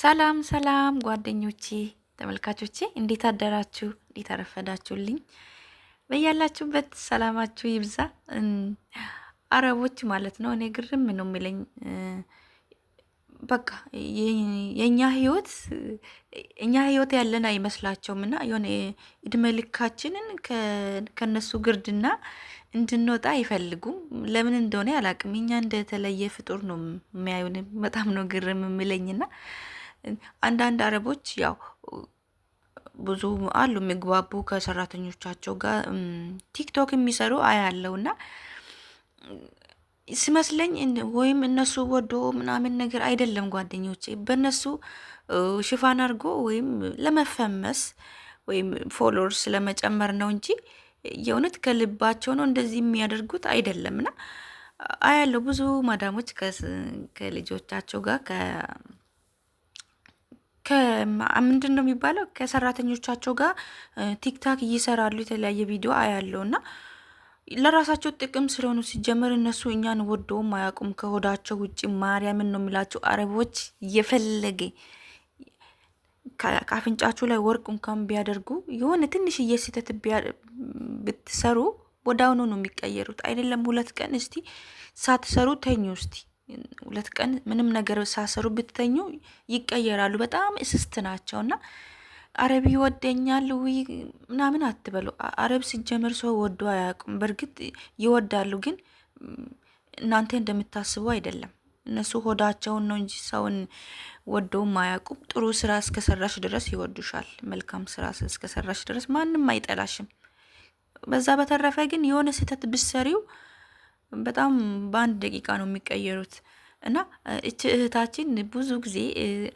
ሰላም ሰላም ጓደኞቼ ተመልካቾቼ እንዴት አደራችሁ? እንዴት አረፈዳችሁልኝ? በያላችሁበት ሰላማችሁ ይብዛ። አረቦች ማለት ነው እኔ ግርም ነው የሚለኝ። በቃ የእኛ ህይወት እኛ ህይወት ያለን አይመስላቸውም እና የሆነ እድሜ ልካችንን ከነሱ ግርድና እንድንወጣ አይፈልጉም። ለምን እንደሆነ አላቅም። እኛ እንደተለየ ፍጡር ነው የሚያዩን። በጣም ነው ግርም የሚለኝና አንዳንድ አረቦች ያው ብዙ አሉ የሚግባቡ ከሰራተኞቻቸው ጋር ቲክቶክ የሚሰሩ አያለው እና ሲመስለኝ ወይም እነሱ ወዶ ምናምን ነገር አይደለም። ጓደኞቼ በእነሱ ሽፋን አድርጎ ወይም ለመፈመስ ወይም ፎሎወርስ ለመጨመር ነው እንጂ የእውነት ከልባቸው ነው እንደዚህ የሚያደርጉት አይደለም። እና አያለው ብዙ ማዳሞች ከልጆቻቸው ጋር ምንድን ነው የሚባለው ከሰራተኞቻቸው ጋር ቲክታክ እየሰራሉ የተለያየ ቪዲዮ አያለው እና ለራሳቸው ጥቅም ስለሆኑ ሲጀመር እነሱ እኛን ወደውም አያውቁም ከሆዳቸው ውጭ ማርያምን ነው የሚላቸው አረቦች እየፈለገ ከአፍንጫችሁ ላይ ወርቅ እንኳን ቢያደርጉ የሆነ ትንሽዬ ስህተት ብትሰሩ ወደ አሁኑ ነው የሚቀየሩት አይደለም ሁለት ቀን እስቲ ሳትሰሩ ተኙ እስቲ ሁለት ቀን ምንም ነገር ሳሰሩ ብትተኙ ይቀየራሉ። በጣም እስስት ናቸው እና አረብ ይወደኛል ውይ ምናምን አትበሉ። አረብ ሲጀምር ሰው ወዶ አያቁም በእርግጥ ይወዳሉ፣ ግን እናንተ እንደምታስቡ አይደለም። እነሱ ሆዳቸውን ነው እንጂ ሰውን ወደውም አያውቁም። ጥሩ ስራ እስከሰራሽ ድረስ ይወዱሻል። መልካም ስራ እስከሰራሽ ድረስ ማንም አይጠላሽም። በዛ በተረፈ ግን የሆነ ስህተት ብሰሪው በጣም በአንድ ደቂቃ ነው የሚቀየሩት። እና እች እህታችን ብዙ ጊዜ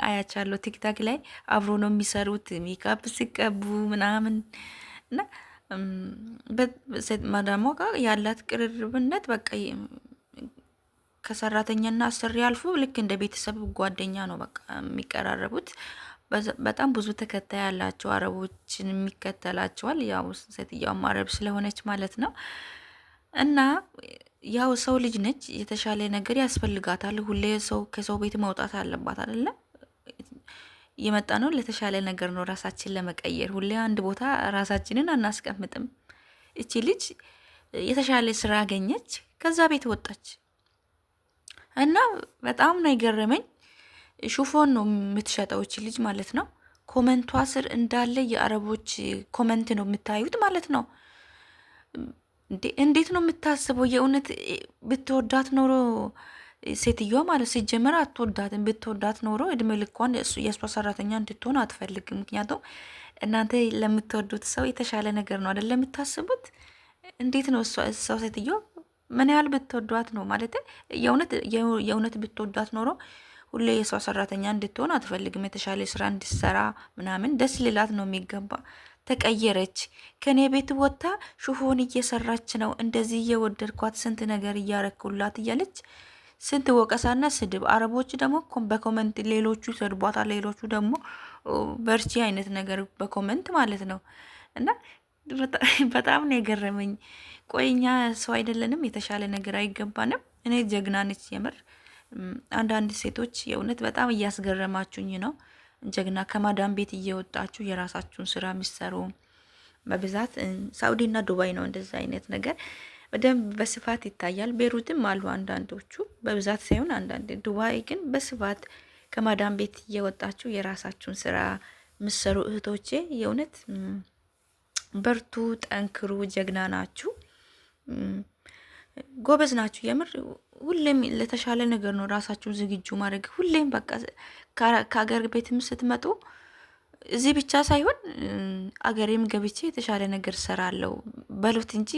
አያቻለሁ ቲክታክ ላይ አብሮ ነው የሚሰሩት ሜካፕ ሲቀቡ ምናምን እና ማዳሟ ጋር ያላት ቅርርብነት በቃ ከሰራተኛና አሰሪ አልፎ ልክ እንደ ቤተሰብ ጓደኛ ነው በቃ የሚቀራረቡት። በጣም ብዙ ተከታይ ያላቸው አረቦችን የሚከተላቸዋል። ያው ሴትየዋም አረብ ስለሆነች ማለት ነው እና ያው ሰው ልጅ ነች፣ የተሻለ ነገር ያስፈልጋታል። ሁሌ ሰው ከሰው ቤት መውጣት አለባት አይደለ? የመጣ ነው ለተሻለ ነገር ነው፣ ራሳችን ለመቀየር። ሁሌ አንድ ቦታ ራሳችንን አናስቀምጥም። እቺ ልጅ የተሻለ ስራ አገኘች፣ ከዛ ቤት ወጣች እና በጣም ነው የገረመኝ። ሹፎን ነው የምትሸጠው እቺ ልጅ ማለት ነው። ኮመንቷ ስር እንዳለ የአረቦች ኮመንት ነው የምታዩት ማለት ነው። እንዴት ነው የምታስበው? የእውነት ብትወዳት ኖሮ ሴትዮዋ ማለት ሲጀመር አትወዳትም። ብትወዳት ኖሮ እድሜ ልኳን የእሷ ሰራተኛ እንድትሆን አትፈልግም። ምክንያቱም እናንተ ለምትወዱት ሰው የተሻለ ነገር ነው አይደል የምታስቡት? እንዴት ነው ሰው ሴትዮ ምን ያህል ብትወዷት ነው ማለት የእውነት ብትወዷት ኖሮ ሁሌ የሰው ሰራተኛ እንድትሆን አትፈልግም። የተሻለ ስራ እንድሰራ ምናምን ደስ ልላት ነው የሚገባ ተቀየረች። ከኔ ቤት ወጥታ ሽፎን እየሰራች ነው፣ እንደዚህ እየወደድኳት ስንት ነገር እያረኩላት እያለች ስንት ወቀሳና ስድብ። አረቦች ደግሞ በኮመንት ሌሎቹ ይሰድቧታል፣ ሌሎቹ ደግሞ በርቺ አይነት ነገር በኮመንት ማለት ነው። እና በጣም ነው የገረመኝ። ቆይ እኛ ሰው አይደለንም? የተሻለ ነገር አይገባንም? እኔ ጀግና ነች የምር። አንዳንድ ሴቶች የእውነት በጣም እያስገረማችሁኝ ነው። ጀግና ከማዳም ቤት እየወጣችሁ የራሳችሁን ስራ የሚሰሩ በብዛት ሳኡዲና ዱባይ ነው እንደዚህ አይነት ነገር በደንብ በስፋት ይታያል። ቤሩትም አሉ አንዳንዶቹ፣ በብዛት ሳይሆን አንዳንድ። ዱባይ ግን በስፋት ከማዳም ቤት እየወጣችሁ የራሳችሁን ስራ የምትሰሩ እህቶቼ የእውነት በርቱ፣ ጠንክሩ፣ ጀግና ናችሁ፣ ጎበዝ ናችሁ። የምር ሁሌም ለተሻለ ነገር ነው ራሳችሁን ዝግጁ ማድረግ። ሁሌም በቃ ከሀገር ቤትም ስትመጡ እዚህ ብቻ ሳይሆን አገሬም ገብቼ የተሻለ ነገር ሰራለው በሉት እንጂ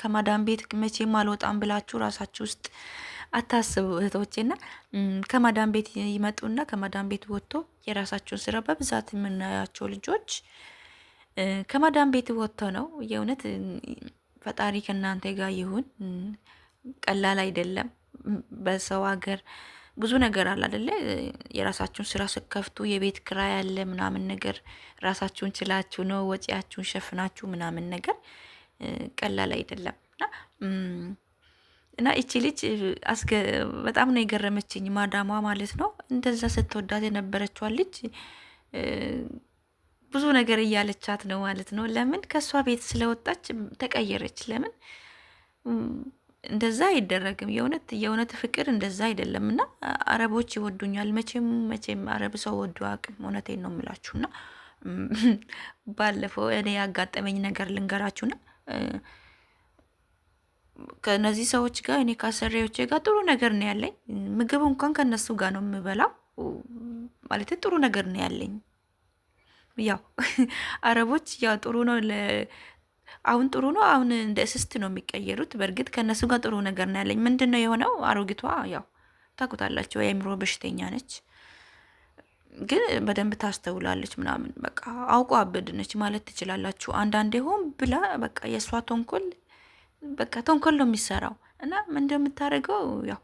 ከማዳም ቤት መቼም አልወጣም ብላችሁ ራሳችሁ ውስጥ አታስቡ ና ከማዳም ቤት ይመጡና ከማዳም ቤት ወጥቶ የራሳቸውን ስራ በብዛት የምናያቸው ልጆች ከማዳም ቤት ወጥቶ ነው። የእውነት ፈጣሪ ከእናንተ ጋር ይሁን። ቀላል አይደለም። በሰው ሀገር ብዙ ነገር አለ አደለ? የራሳችሁን ስራ ስከፍቱ የቤት ክራይ ያለ ምናምን ነገር ራሳችሁን ችላችሁ ነው ወጪያችሁን ሸፍናችሁ ምናምን ነገር ቀላል አይደለም። እና እቺ ልጅ በጣም ነው የገረመችኝ፣ ማዳሟ ማለት ነው። እንደዛ ስትወዳት የነበረችዋ ልጅ ብዙ ነገር እያለቻት ነው ማለት ነው። ለምን ከእሷ ቤት ስለወጣች ተቀየረች? ለምን እንደዛ አይደረግም። የእውነት የእውነት ፍቅር እንደዛ አይደለም። እና አረቦች ይወዱኛል መቼም መቼም አረብ ሰው ወዱ አቅም እውነቴን ነው የምላችሁና ባለፈው እኔ ያጋጠመኝ ነገር ና ከነዚህ ሰዎች ጋር እኔ ካሰሪዎቼ ጋር ጥሩ ነገር ነው ያለኝ። ምግብ እንኳን ከነሱ ጋር ነው የምበላው ማለት ጥሩ ነገር ነው ያለኝ። ያው አረቦች ያው ጥሩ ነው አሁን ጥሩ ነው። አሁን እንደ እስስት ነው የሚቀየሩት። በእርግጥ ከእነሱ ጋር ጥሩ ነገር ነው ያለኝ። ምንድን ነው የሆነው? አሮጊቷ ያው ታውቁታላችሁ፣ የአእምሮ በሽተኛ ነች፣ ግን በደንብ ታስተውላለች ምናምን። በቃ አውቆ አበድነች ማለት ትችላላችሁ። አንዳንዴ ሆን ብላ በቃ የእሷ ተንኮል በቃ ተንኮል ነው የሚሰራው እና እንደምታደርገው ያው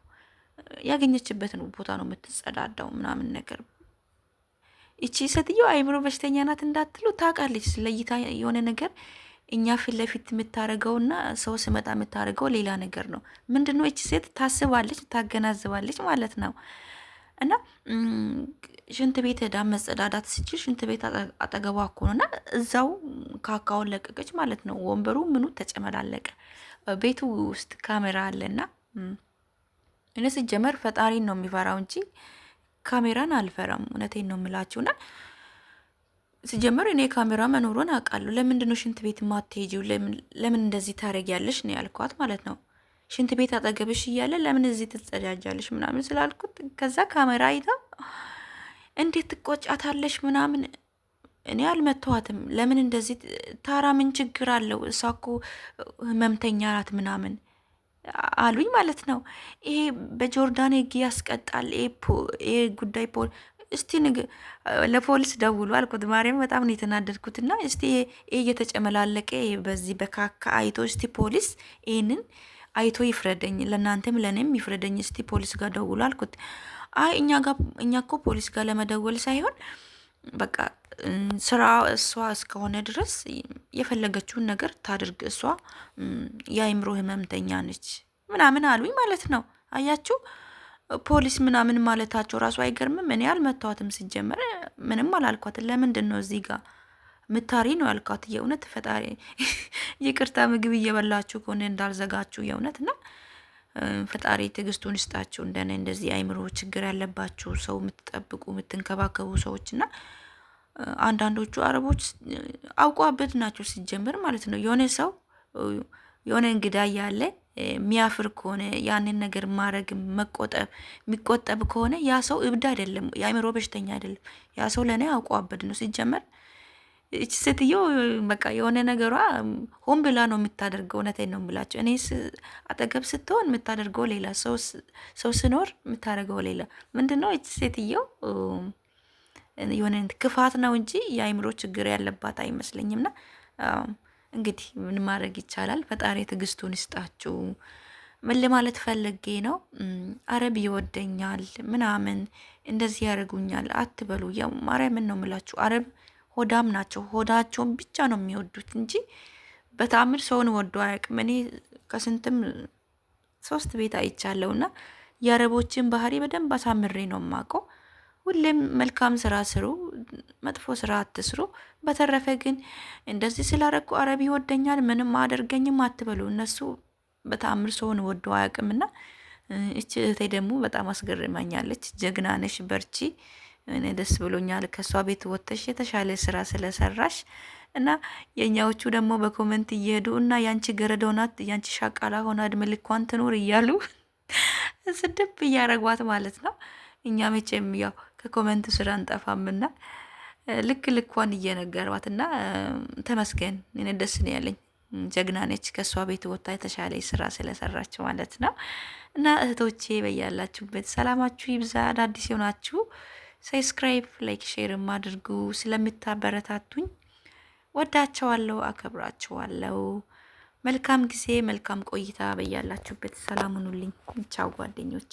ያገኘችበትን ቦታ ነው የምትጸዳዳው ምናምን ነገር ይቺ ሴትዮ አእምሮ በሽተኛ ናት እንዳትሉ ታውቃለች። ለይታ የሆነ ነገር እኛ ፊት ለፊት የምታደርገውና ሰው ስመጣ የምታደርገው ሌላ ነገር ነው። ምንድን ነው እች ሴት ታስባለች፣ ታገናዝባለች ማለት ነው። እና ሽንት ቤት ሄዳ መጸዳዳት ስችል ሽንት ቤት አጠገቧ እኮ ነው። እና እዛው ካካውን ለቀቀች ማለት ነው። ወንበሩ ምኑ ተጨመላለቀ። ቤቱ ውስጥ ካሜራ አለና እኔ ስጀመር ፈጣሪን ነው የሚፈራው እንጂ ካሜራን አልፈራም። እውነቴን ነው የምላችሁና ሲጀመር እኔ ካሜራ መኖሩን አውቃለሁ። ለምንድን ነው ሽንት ቤት ማትሄጂው? ለምን እንደዚህ ታደርጊያለሽ ነው ያልኳት ማለት ነው። ሽንት ቤት አጠገብሽ እያለ ለምን እዚህ ትጸዳጃለሽ ምናምን ስላልኩት ከዛ ካሜራ አይታ እንዴት ትቆጫታለሽ ምናምን እኔ አልመተዋትም። ለምን እንደዚህ ታራ ምን ችግር አለው? እሷ እኮ ህመምተኛ ናት ምናምን አሉኝ ማለት ነው። ይሄ በጆርዳን ህግ ያስቀጣል ይሄ ጉዳይ እስቲ ለፖሊስ ደውሉ አልኩት። ማርያም በጣም ነው ና እስቲ ይሄ እየተጨመላለቀ በዚህ በካካ አይቶ እስቲ ፖሊስ ይህንን አይቶ ይፍረደኝ፣ ለእናንተም ለእኔም ይፍረደኝ። እስቲ ፖሊስ ጋር ደውሉ አልኩት። አይ እኛ ጋ እኛ እኮ ፖሊስ ጋር ለመደወል ሳይሆን በቃ ስራ እሷ እስከሆነ ድረስ የፈለገችውን ነገር ታድርግ፣ እሷ የአይምሮ ህመምተኛ ነች ምናምን አሉኝ ማለት ነው። አያችሁ ፖሊስ ምናምን ማለታቸው ራሱ አይገርምም። እኔ አልመታዋትም ሲጀመር ምንም አላልኳት። ለምንድን ነው እዚህ ጋር ምታሪ ነው ያልኳት። የእውነት ፈጣሪ ይቅርታ፣ ምግብ እየበላችሁ ከሆነ እንዳልዘጋችሁ የእውነት እና ፈጣሪ ትዕግስቱን ይስጣችሁ። እንደነ እንደዚህ አይምሮ ችግር ያለባችሁ ሰው የምትጠብቁ የምትንከባከቡ ሰዎች እና አንዳንዶቹ አረቦች አውቋበት ናቸው ሲጀምር ማለት ነው የሆነ ሰው የሆነ እንግዳ እያለ የሚያፍር ከሆነ ያንን ነገር ማድረግ መቆጠብ የሚቆጠብ ከሆነ ያ ሰው እብድ አይደለም፣ የአእምሮ በሽተኛ አይደለም። ያ ሰው ለእኔ አውቋበድ ነው። ሲጀመር እች ሴትዮ በቃ የሆነ ነገሯ ሆን ብላ ነው የምታደርገው። እውነቴን ነው የምላቸው። እኔ አጠገብ ስትሆን የምታደርገው ሌላ፣ ሰው ስኖር የምታደርገው ሌላ። ምንድን ነው እች ሴትየው የሆነ ክፋት ነው እንጂ የአእምሮ ችግር ያለባት ና እንግዲህ ምን ማድረግ ይቻላል? ፈጣሪ ትዕግስቱን ይስጣችሁ ለማለት ፈልጌ ነው። አረብ ይወደኛል ምናምን እንደዚህ ያደርጉኛል አትበሉ። ያው ማርያምን ነው የምላችሁ። አረብ ሆዳም ናቸው። ሆዳቸውን ብቻ ነው የሚወዱት እንጂ በተአምር ሰውን ወዶ አያውቅም። እኔ ከስንትም ሶስት ቤት አይቻለሁና የአረቦችን ባህሪ በደንብ አሳምሬ ነው የማውቀው። ሁሌም መልካም ስራ ስሩ፣ መጥፎ ስራ አትስሩ። በተረፈ ግን እንደዚህ ስላረኩ አረቢ ይወደኛል ምንም አደርገኝም አትበሉ። እነሱ በተአምር ሰውን ወዶ አያውቅምና፣ እች እህቴ ደግሞ በጣም አስገርመኛለች። ጀግና ነሽ፣ በርቺ። እኔ ደስ ብሎኛል ከእሷ ቤት ወጥተሽ የተሻለ ስራ ስለሰራሽ እና የእኛዎቹ ደግሞ በኮመንት እየሄዱ እና ያንቺ ገረድ ሆናት ያንቺ ሻቃላ ሆና እድሜ ልኳን ትኖር እያሉ ስድብ እያረጓት ማለት ነው። እኛ መቼም ያው ከኮመንት ስራ እንጠፋምና ልክ ልኳን እየነገርባት እና ተመስገን፣ እኔ ደስ ነው ያለኝ። ጀግና ነች። ከእሷ ቤት ወጥታ የተሻለ ስራ ስለሰራች ማለት ነው። እና እህቶቼ በያላችሁበት ሰላማችሁ ይብዛ። አዳዲስ የሆናችሁ ሰብስክራይብ፣ ላይክ፣ ሼርም አድርጉ። ስለምታበረታቱኝ ወዳቸዋለሁ፣ አከብራቸዋለሁ። መልካም ጊዜ፣ መልካም ቆይታ። በያላችሁበት ሰላም ሁኑልኝ። ቻው ጓደኞቼ።